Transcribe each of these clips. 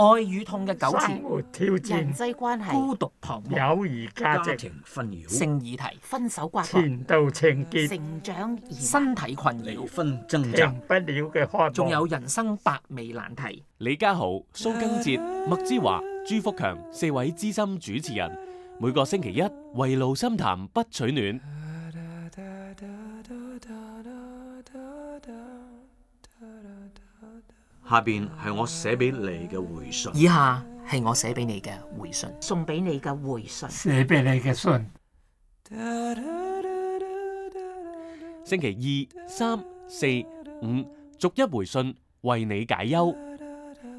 愛與痛嘅糾纏，人際關係，孤獨彷徨，友誼價值，家庭紛擾，成疑題，分手瓜葛，前度情結，成長，身體困擾，分姻，成長，不了嘅誇張，仲有人生百味難題。李嘉豪、蘇根哲、麥之華、朱福強四位資深主持人，每個星期一圍爐深談不取暖。下邊係我寫俾你嘅回信。以下係我寫俾你嘅回信，送俾你嘅回信，寫俾你嘅信。星期二、三、四、五，逐一回信，為你解憂。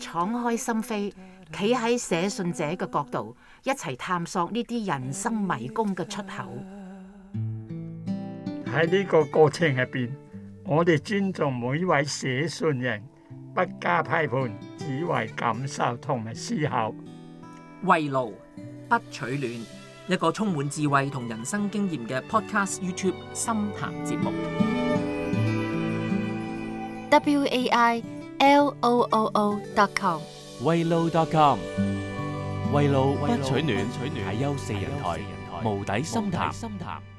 敞開心扉，企喺寫信者嘅角度，一齊探索呢啲人生迷宮嘅出口。喺呢個過程入邊，我哋尊重每一位寫信人。不加批判，只為感受同埋思考。慰勞不取暖，一個充滿智慧同人生經驗嘅 Podcast YouTube 深談節目。w a i l o o o dot com。慰勞 dot com。慰勞不取暖，大優四人台無底深談。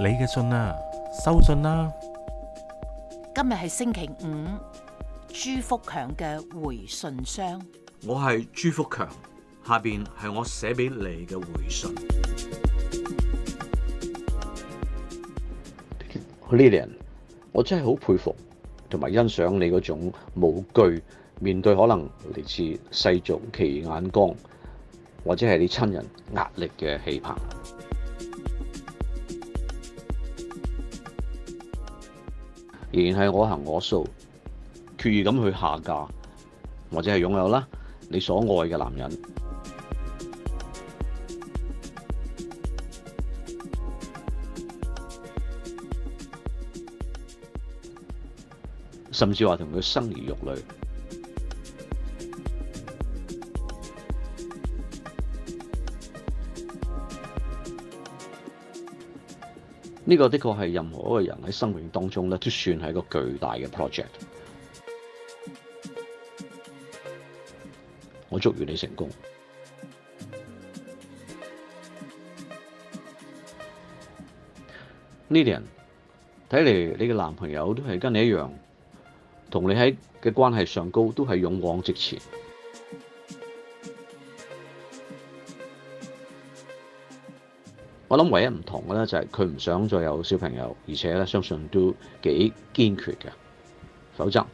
你嘅信啦、啊，收信啦、啊！今日係星期五，朱福強嘅回信箱。我係朱福強，下邊係我寫俾你嘅回信。Lily，我真係好佩服同埋欣賞你嗰種無懼面對可能嚟自世俗奇眼光或者係你親人壓力嘅氣魄。然係我行我素，決意咁去下嫁，或者係擁有啦你所愛嘅男人，甚至話同佢生兒育女。呢個的確係任何一個人喺生命當中咧，都算係一個巨大嘅 project。我祝願你成功。呢啲人睇嚟，你嘅男朋友都係跟你一樣，同你喺嘅關係上高，都係勇往直前。我諗唯一唔同嘅咧，就係佢唔想再有小朋友，而且咧，相信都幾堅決嘅，否則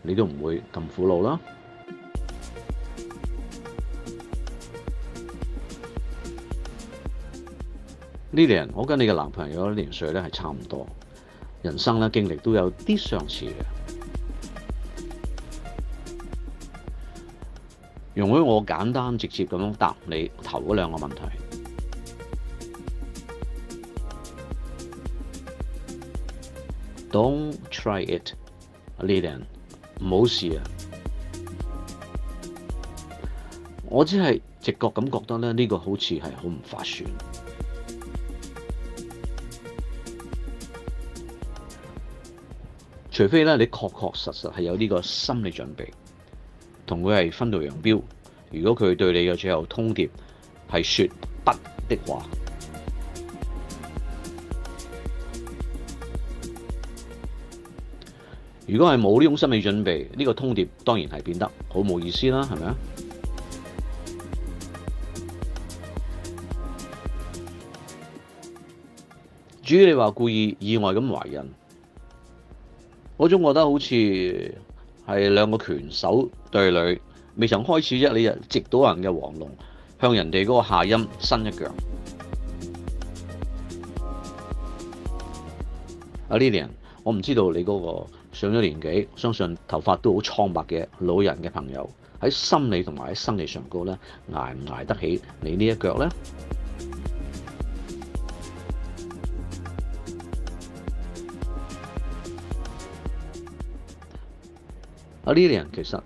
你都唔會咁苦惱啦。Lilian，我跟你嘅男朋友年歲咧係差唔多，人生咧經歷都有啲相似嘅。容許我簡單直接咁樣答你頭嗰兩個問題。Don't try it, 阿 Lillian，唔好試啊！我只係直覺咁覺得咧，呢個好似係好唔划算。除非咧，你確確實實係有呢個心理準備，同佢係分道揚鑣。如果佢對你嘅最後通牒係説不的話話。如果係冇呢種心理準備，呢、呢個通牒當然係變得好冇意思啦，係咪啊？至於你話故意意外咁懷孕，我總覺得好似係兩個拳手對壘，未曾開始啫，你就直到人嘅黃龍，向人哋嗰個下陰伸一腳。阿 Lilian，我唔知道你嗰、嗰個。上咗年紀，相信頭髮都好蒼白嘅老人嘅朋友，喺心理同埋喺生理上高咧，捱唔捱得起你這一腳呢一腳咧？啊呢啲人其實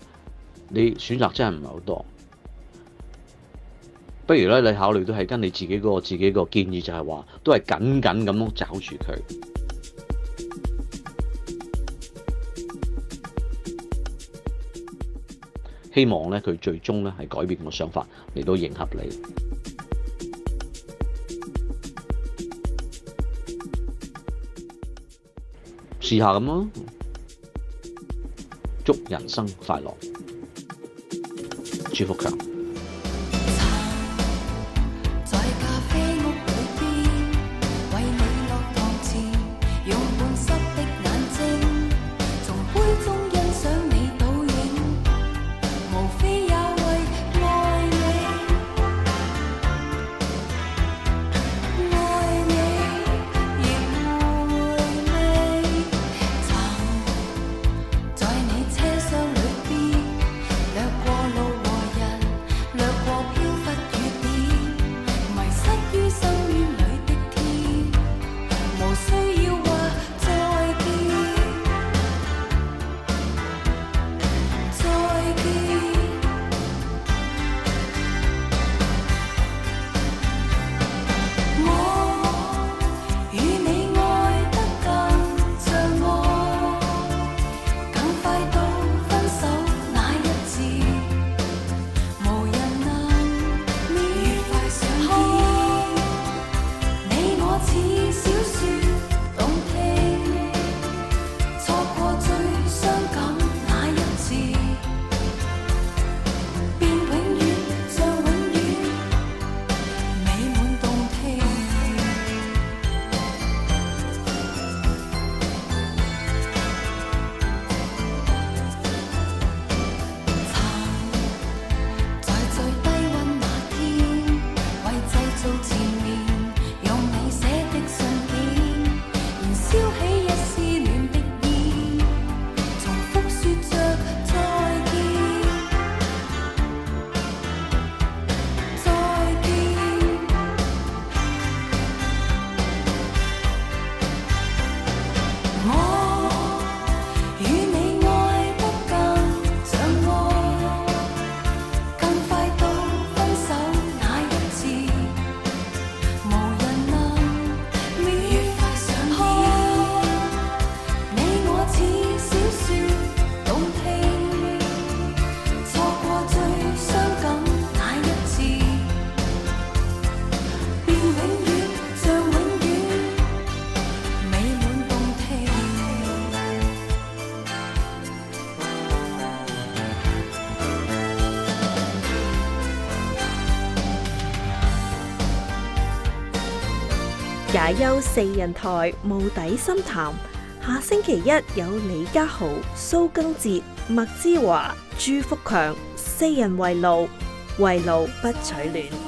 你選擇真係唔係好多，不如咧你考慮都係跟你自己嗰個自己個建議就是說，就係話都係緊緊咁樣抓住佢。希望呢，佢最終呢係改變個想法嚟到迎合你，試下咁咯。祝人生快樂，朱福強。解憂四人台無底深談，下星期一有李家豪、蘇庚哲、麥之華、朱福強，四人圍爐，圍爐不取暖。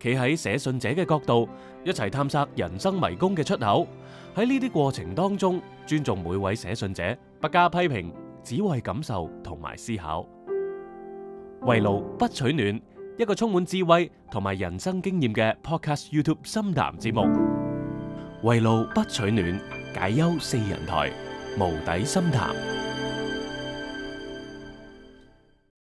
企喺寫信者嘅角度，一齊探索人生迷宮嘅出口。喺呢啲過程當中，尊重每位寫信者，不加批評，只為感受同埋思考。圍爐不取暖，一個充滿智慧同埋人生經驗嘅 Podcast YouTube 深談節目。圍爐不取暖，解憂四人台，無底深談。